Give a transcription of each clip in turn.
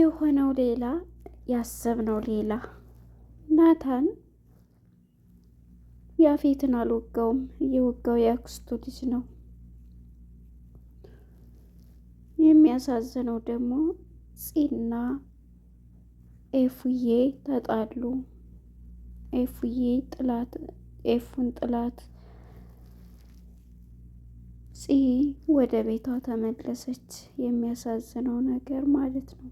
የሆነው ሌላ ያሰብነው ሌላ። ናታን ያፌትን አልወጋውም። የወጋው የአክስቱ ልጅ ነው። የሚያሳዝነው ደግሞ ፂና ኤፉዬ ተጣሉ። ኤፉዬ ጥላት ኤፉን ጥላት ፂ ወደ ቤቷ ተመለሰች። የሚያሳዝነው ነገር ማለት ነው።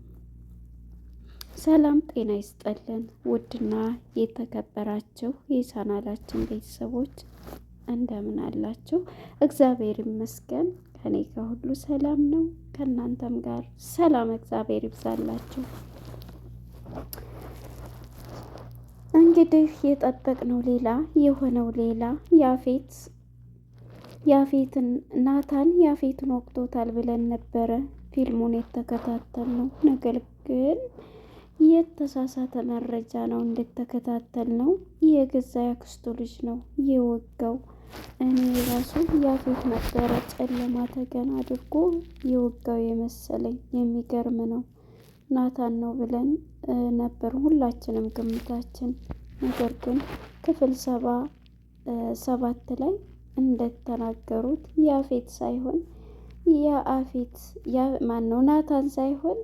ሰላም ጤና ይስጠልን። ውድና የተከበራችሁ የቻናላችን ቤተሰቦች እንደምን አላችሁ? እግዚአብሔር ይመስገን፣ ከኔ ከሁሉ ሰላም ነው። ከእናንተም ጋር ሰላም እግዚአብሔር ይብዛላችሁ። እንግዲህ የጠበቅነው ሌላ የሆነው ሌላ ያፌት ያፌትን ናታን ያፌትን ወቅቶታል ብለን ነበረ ፊልሙን የተከታተልነው ነገር ግን የተሳሳተ መረጃ ነው እንደተከታተል ነው የገዛ ያክስቱ ልጅ ነው የወጋው። እኔ ራሱ ያፌት ነበረ ጨለማ ተገን አድርጎ የወጋው የመሰለኝ። የሚገርም ነው። ናታን ነው ብለን ነበር ሁላችንም ግምታችን። ነገር ግን ክፍል ሰባ ሰባት ላይ እንደተናገሩት ያፌት ሳይሆን ማን ማነው ናታን ሳይሆን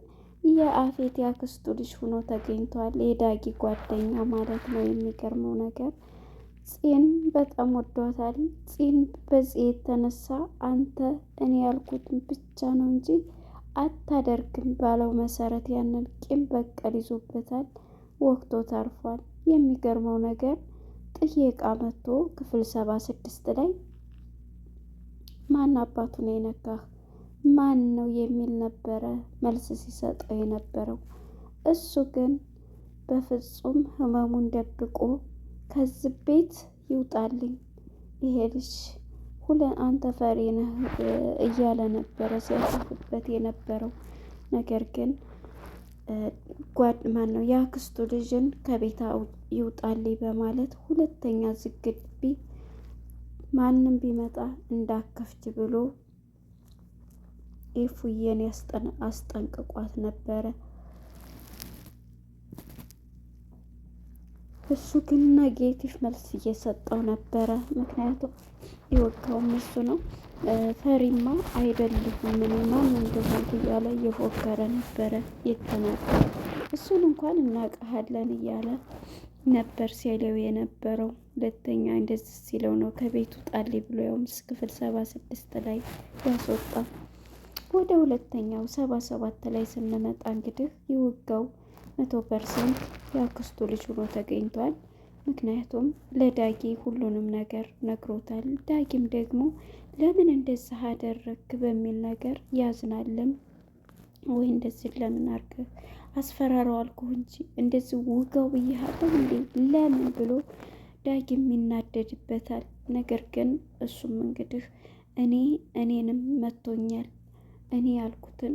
የአፌት ያክስቱ ልጅ ሆኖ ተገኝቷል። የዳጊ ጓደኛ ማለት ነው። የሚገርመው ነገር ፂን በጣም ወዷታል። ፂን በዚህ የተነሳ አንተ እኔ ያልኩትን ብቻ ነው እንጂ አታደርግም ባለው መሰረት ያንን ቂም በቀል ይዞበታል። ወቅቶ ታርፏል። የሚገርመው ነገር ጥየቃ መጥቶ ክፍል ሰባ ስድስት ላይ ማን አባቱን የነካህ ማን ነው የሚል ነበረ መልስ ሲሰጠው የነበረው። እሱ ግን በፍጹም ህመሙን ደብቆ ከዚህ ቤት ይውጣልኝ ይሄ ልጅ ሁለ አንተ ፈሪ ነህ እያለ ነበረ ሲያስፍበት የነበረው። ነገር ግን ጓድ ማን ነው የአክስቱ ልጅን ከቤታ ይውጣልኝ በማለት ሁለተኛ ዝግቢ ማንም ቢመጣ እንዳከፍት ብሎ ኢፉዬን አስጠንቅቋት ነበረ። እሱ ግን ኔጌቲቭ መልስ እየሰጠው ነበረ። ምክንያቱም የወጋውም እሱ ነው። ፈሪማ አይደለሁም እኔ ማን እንደሆንኩ እያለ እየፎከረ ነበረ የተናገረ። እሱን እንኳን እናቀሃለን እያለ ነበር ሲለው የነበረው። ሁለተኛ እንደዚህ ሲለው ነው ከቤቱ ጣሊ ብሎ ያውም ክፍል ሰባ ስድስት ላይ ያስወጣ ወደ ሁለተኛው ሰባ ሰባት ላይ ስንመጣ እንግዲህ የወጋው መቶ ፐርሰንት የአክስቱ ልጅ ሆኖ ተገኝቷል። ምክንያቱም ለዳጊ ሁሉንም ነገር ነግሮታል። ዳጊም ደግሞ ለምን እንደዚህ አደረግክ በሚል ነገር ያዝናልም ወይ እንደዚህ ለምን አርገ አስፈራረው አልኩህ እንጂ እንደዚህ ውጋው ብያለሁ እንዴ ለምን ብሎ ዳጊም ይናደድበታል። ነገር ግን እሱም እንግዲህ እኔ እኔንም መቶኛል እኔ ያልኩትን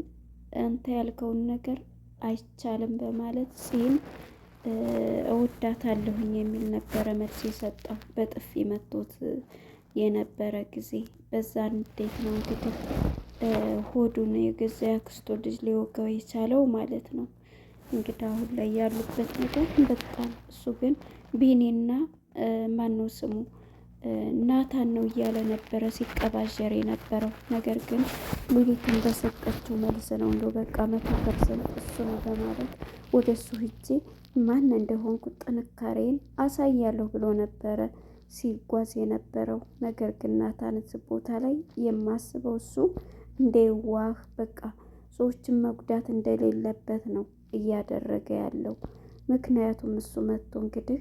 አንተ ያልከውን ነገር አይቻልም በማለት ሲም እወዳታለሁኝ የሚል ነበረ መልስ የሰጠው። በጥፊ መቶት የነበረ ጊዜ በዛ እንዴት ነው እንግዲህ ሆዱን የገዛ ያክስቶ ልጅ ሊወጋው የቻለው ማለት ነው። እንግዲህ አሁን ላይ ያሉበት ነገር በጣም እሱ ግን ቢኒና ማነው ስሙ ናታን ነው እያለ ነበረ ሲቀባዠር የነበረው። ነገር ግን ሉሊትን በሰጠችው መልስ ነው እንደው በቃ መቶ ፐርሰንት እሱ ነው በማለት ወደ እሱ ሂጄ ማን እንደሆንኩ ጥንካሬን አሳያለሁ ብሎ ነበረ ሲጓዝ የነበረው። ነገር ግን ናታንስ ቦታ ላይ የማስበው እሱ እንደ ዋህ በቃ ሰዎችን መጉዳት እንደሌለበት ነው እያደረገ ያለው። ምክንያቱም እሱ መጥቶ እንግዲህ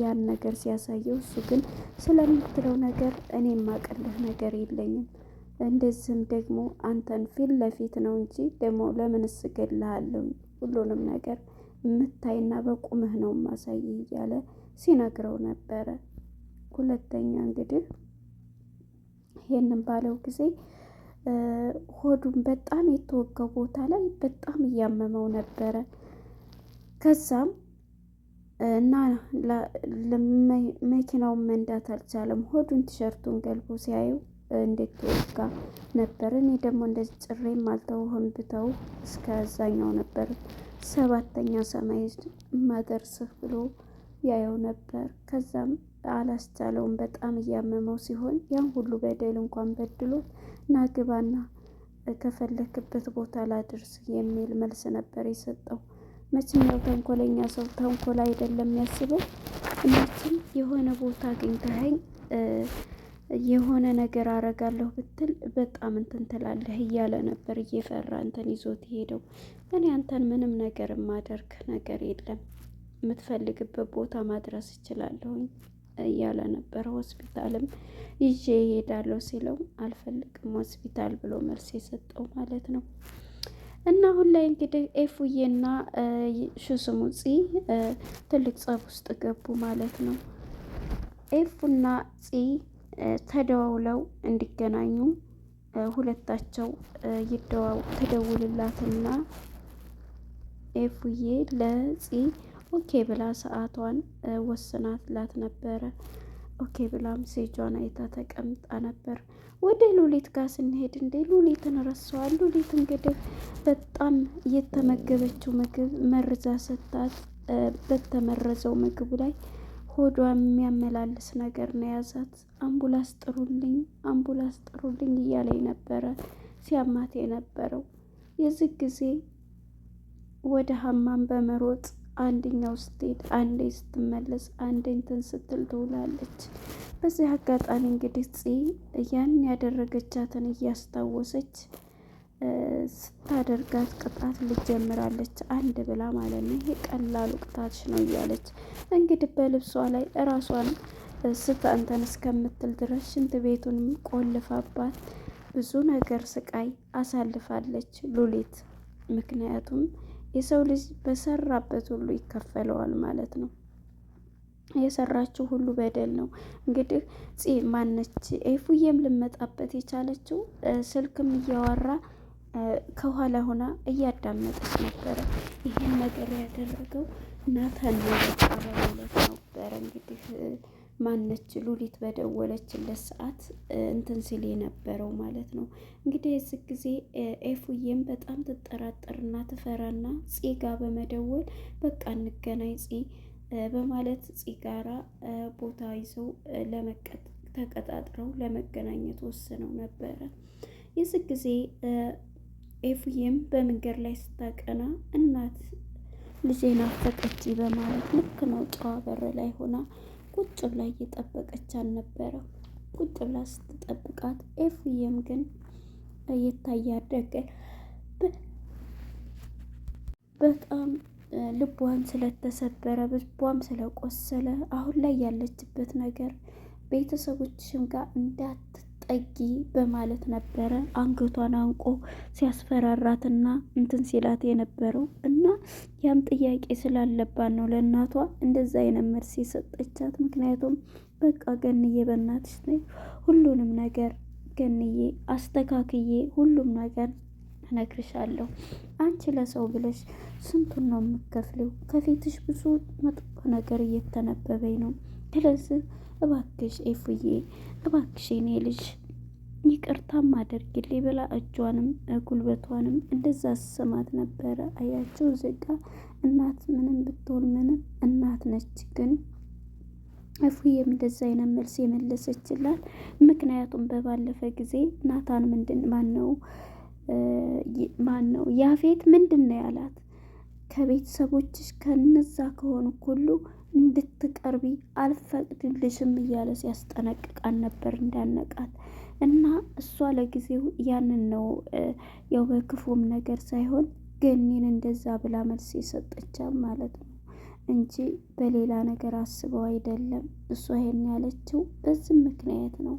ያን ነገር ሲያሳየው እሱ ግን ስለምትለው ነገር እኔ የማቀልህ ነገር የለኝም እንደዚህም ደግሞ አንተን ፊት ለፊት ነው እንጂ ደግሞ ለምን እስገልሃለሁ ሁሉንም ነገር የምታይና በቁምህ ነው ማሳይ እያለ ሲነግረው ነበረ። ሁለተኛ እንግዲህ ይሄንን ባለው ጊዜ ሆዱን በጣም የተወጋው ቦታ ላይ በጣም እያመመው ነበረ። ከዛም እና መኪናውን መንዳት አልቻለም። ሆዱን ቲሸርቱን ገልቦ ሲያዩ እንዴት ተወጋ ነበር። እኔ ደግሞ እንደዚህ ጭሬም አልተውህም ብተው እስከዛኛው ነበር ሰባተኛ ሰማይ ማደርስህ ብሎ ያየው ነበር። ከዛም አላስቻለውም። በጣም እያመመው ሲሆን ያን ሁሉ በደል እንኳን በድሎት ናግባና ከፈለክበት ቦታ ላድርስ የሚል መልስ ነበር የሰጠው። መቼም ያው ተንኮለኛ ሰው ተንኮል አይደለም ያስበው። እናችን የሆነ ቦታ አግኝተኸኝ የሆነ ነገር አረጋለሁ ብትል በጣም እንትን ትላለህ እያለ ነበር እየፈራ እንትን ይዞት ሄደው። እኔ አንተን ምንም ነገር የማደርግ ነገር የለም የምትፈልግበት ቦታ ማድረስ እችላለሁኝ እያለ ነበር። ሆስፒታልም ይዤ እሄዳለሁ ሲለው አልፈልግም ሆስፒታል ብሎ መልስ የሰጠው ማለት ነው። እና አሁን ላይ እንግዲህ ኤፉዬና ሽስሙፂ ትልቅ ጸብ ውስጥ ገቡ ማለት ነው። ኤፉና ፂ ተደዋውለው እንዲገናኙ ሁለታቸው ተደውልላትና ኤፉዬ ለፂ ኦኬ ብላ ሰዓቷን ወስናትላት ነበረ። ኦኬ ብላ ሜሴጇን አይታ ተቀምጣ ነበር። ወደ ሉሊት ጋር ስንሄድ እንዴ ሉሊትን ረሳዋል። ሉሊት እንግዲህ በጣም የተመገበችው ምግብ መርዛ ሰታት፣ በተመረዘው ምግቡ ላይ ሆዷ የሚያመላልስ ነገር ነው የያዛት። አምቡላንስ ጥሩልኝ፣ አምቡላንስ ጥሩልኝ እያለኝ ነበረ ሲያማት የነበረው የዚህ ጊዜ ወደ ሀማም በመሮጥ አንደኛው ስትሄድ አንዴ ስትመለስ አንዴ እንትን ስትል ትውላለች። በዚህ አጋጣሚ እንግዲህ ጽ ያን ያደረገቻትን እያስታወሰች ስታደርጋት ቅጣት ልጀምራለች አንድ ብላ ማለት ነው። ይሄ ቀላሉ ቅጣትሽ ነው እያለች እንግዲህ በልብሷ ላይ እራሷን ስተንተን እስከምትል ድረስ ሽንት ቤቱንም ቆልፋባት ብዙ ነገር ስቃይ አሳልፋለች ሉሊት ምክንያቱም የሰው ልጅ በሰራበት ሁሉ ይከፈለዋል ማለት ነው። የሰራችው ሁሉ በደል ነው። እንግዲህ ጽ ማነች ኤፉዬም ልመጣበት የቻለችው ስልክም እያወራ ከኋላ ሆና እያዳመጠች ነበረ። ይህን ነገር ያደረገው ናታን አበባለት ነበረ እንግዲህ ማነች ሉሊት በደወለችለት ሰዓት እንትን ሲል የነበረው ማለት ነው። እንግዲህ የዚህ ጊዜ ኤፉዬም በጣም ትጠራጠርና ትፈራና ፂ ጋ በመደወል በቃ እንገናኝ ፂ በማለት ፂ ጋራ ቦታ ይዘው ተቀጣጥረው ለመገናኘት ወስነው ነበረ። የዚህ ጊዜ ኤፉዬም በመንገድ ላይ ስታቀና እናት ልጄ ናፈቀችኝ በማለት ልክ ነው ጨዋ በር ላይ ሆና ቁጭ ብላ እየጠበቀች አልነበረም። ቁጭ ብላ ስትጠብቃት ኤፍዬም ግን እየታያደገ በጣም ልቧን ስለተሰበረ ልቧም ስለቆሰለ አሁን ላይ ያለችበት ነገር ቤተሰቦችሽም ጋር እንዳት ጠጊ በማለት ነበረ አንገቷን አንቆ ሲያስፈራራትና እንትን ሲላት የነበረው እና ያም ጥያቄ ስላለባት ነው ለእናቷ እንደዛ አይነት መልስ የሰጠቻት። ምክንያቱም በቃ ገንዬ በእናትሽ ሁሉንም ነገር ገንዬ አስተካክዬ ሁሉም ነገር እነግርሻለሁ። አንቺ ለሰው ብለሽ ስንቱን ነው የምከፍለው? ከፊትሽ ብዙ መጥፎ ነገር እየተነበበኝ ነው። ስለዚህ እባክሽ ኤፉዬ፣ እባክሽ እኔ ልጅ ይቅርታም አድርጊልኝ ብላ እጇንም ጉልበቷንም እንደዛ ስሰማት ነበረ። አያቸው ዜጋ እናት ምንም ብትሆን ምንም እናት ነች ግን እፉዬም እንደዛ አይነት መልስ የመለሰችላት። ምክንያቱም በባለፈ ጊዜ ናታን ምንድን ማን ነው ማን ነው ያፌት ምንድን ነው ያላት? ከቤተሰቦችሽ ከነዛ ከሆኑ ሁሉ እንድትቀርቢ አልፈቅድልሽም እያለ ሲያስጠነቅቃን ነበር እንዳነቃት እና እሷ ለጊዜው ያንን ነው ያው በክፉም ነገር ሳይሆን ገኒን እንደዛ ብላ መልስ የሰጠቻል ማለት ነው እንጂ በሌላ ነገር አስበው አይደለም። እሷ ይሄን ያለችው በዚህ ምክንያት ነው።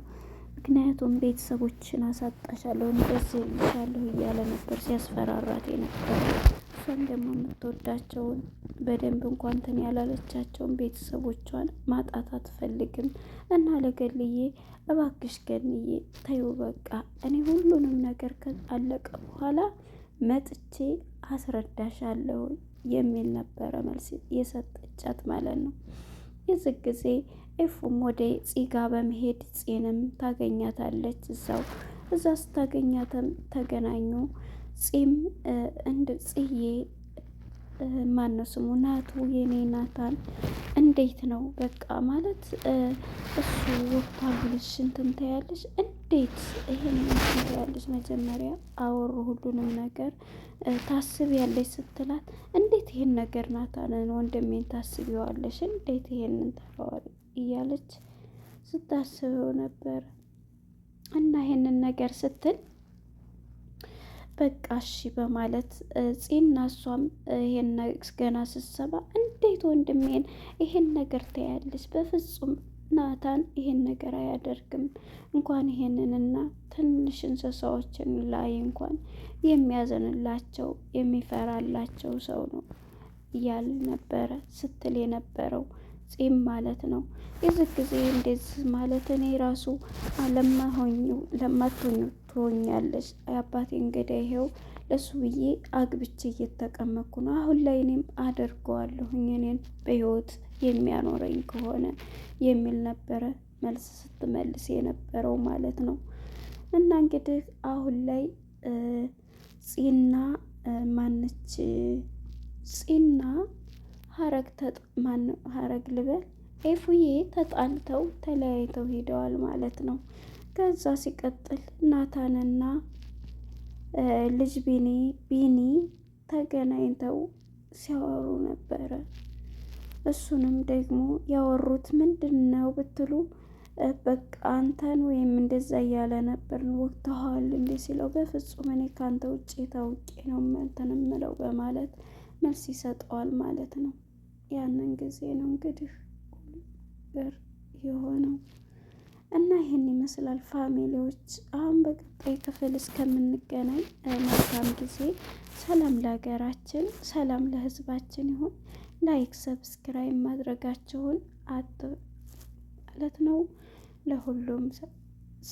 ምክንያቱም ቤተሰቦችን አሳጣሻለሁ እንደዚህ ይሻለሁ እያለ ነበር ሲያስፈራራት ነበር። እሷም ደግሞ የምትወዳቸውን በደንብ እንኳን እንትን ያላለቻቸውን ቤተሰቦቿን ማጣት አትፈልግም እና ለገልዬ እባክሽ ገንዬ ተይው በቃ እኔ ሁሉንም ነገር አለቀ በኋላ መጥቼ አስረዳሻለሁ የሚል ነበረ መልስ የሰጠቻት ማለት ነው የዚህ ጊዜ ኤፉም ወደ ጺጋ በመሄድ ጺንም ታገኛታለች። እዛው እዛ ስታገኛትም ተገናኙ። ጺም እንድ ጽዬ ማነው ስሙ ናቱ የኔ ናታን እንዴት ነው በቃ ማለት እሱ ወቅታ ብልሽ እንትን ታያለሽ እንዴት ይሄን እንትን ታያለሽ መጀመሪያ አወሩ ሁሉንም ነገር ታስብ ያለች ስትላት እንዴት ይሄን ነገር ናታንን ወንድሜን ታስቢዋለሽ እንዴት ይሄንን ተፈዋል እያለች ስታስበው ነበር። እና ይሄንን ነገር ስትል በቃ እሺ በማለት ጺና እሷም ይሄን ገና ስትሰባ እንዴት ወንድሜን ይሄን ነገር ታያለች? በፍጹም ናታን ይሄን ነገር አያደርግም። እንኳን ይሄንንና ትንሽ እንስሳዎችን ላይ እንኳን የሚያዘንላቸው የሚፈራላቸው ሰው ነው እያለ ነበረ ስትል የነበረው ጺም ማለት ነው። የዚህ ጊዜ እንደዚህ ማለት እኔ ራሱ ለማሆኙ ለማትሆኙ ትሆኛለች አባቴ እንግዳ ይሄው ለሱ ብዬ አግብቼ እየተቀመጥኩ ነው። አሁን ላይ እኔም አደርገዋለሁኝ እኔን በህይወት የሚያኖረኝ ከሆነ የሚል ነበረ መልስ ስትመልስ የነበረው ማለት ነው። እና እንግዲህ አሁን ላይ ጺና ማነች ጺና ሀረግ ማነው ሀረግ ልበል ኤፉዬ ተጣልተው ተለያይተው ሄደዋል ማለት ነው። ከዛ ሲቀጥል ናታንና ልጅ ቢኒ ቢኒ ተገናኝተው ሲያወሩ ነበረ። እሱንም ደግሞ ያወሩት ምንድን ነው ብትሉ በቃ አንተን ወይም እንደዛ እያለ ነበር ወቅተዋል እንዴ ሲለው በፍጹም እኔ ከአንተ ውጭ ታውቄ ነው እንትን የምለው በማለት መልስ ይሰጠዋል ማለት ነው። ያንን ጊዜ ነው እንግዲህ ቁልር የሆነው እና ይህን ይመስላል ፋሚሊዎች። አሁን በቀጣይ ክፍል እስከምንገናኝ መልካም ጊዜ። ሰላም ለሀገራችን፣ ሰላም ለህዝባችን ይሁን። ላይክ ሰብስክራይብ ማድረጋችሁን አጥ ማለት ነው። ለሁሉም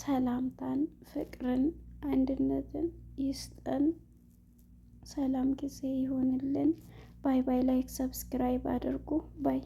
ሰላምታን፣ ፍቅርን፣ አንድነትን ይስጠን። ሰላም ጊዜ ይሆንልን። ባይ ባይ። ላይክ ሰብስክራይብ አድርጉ ባይ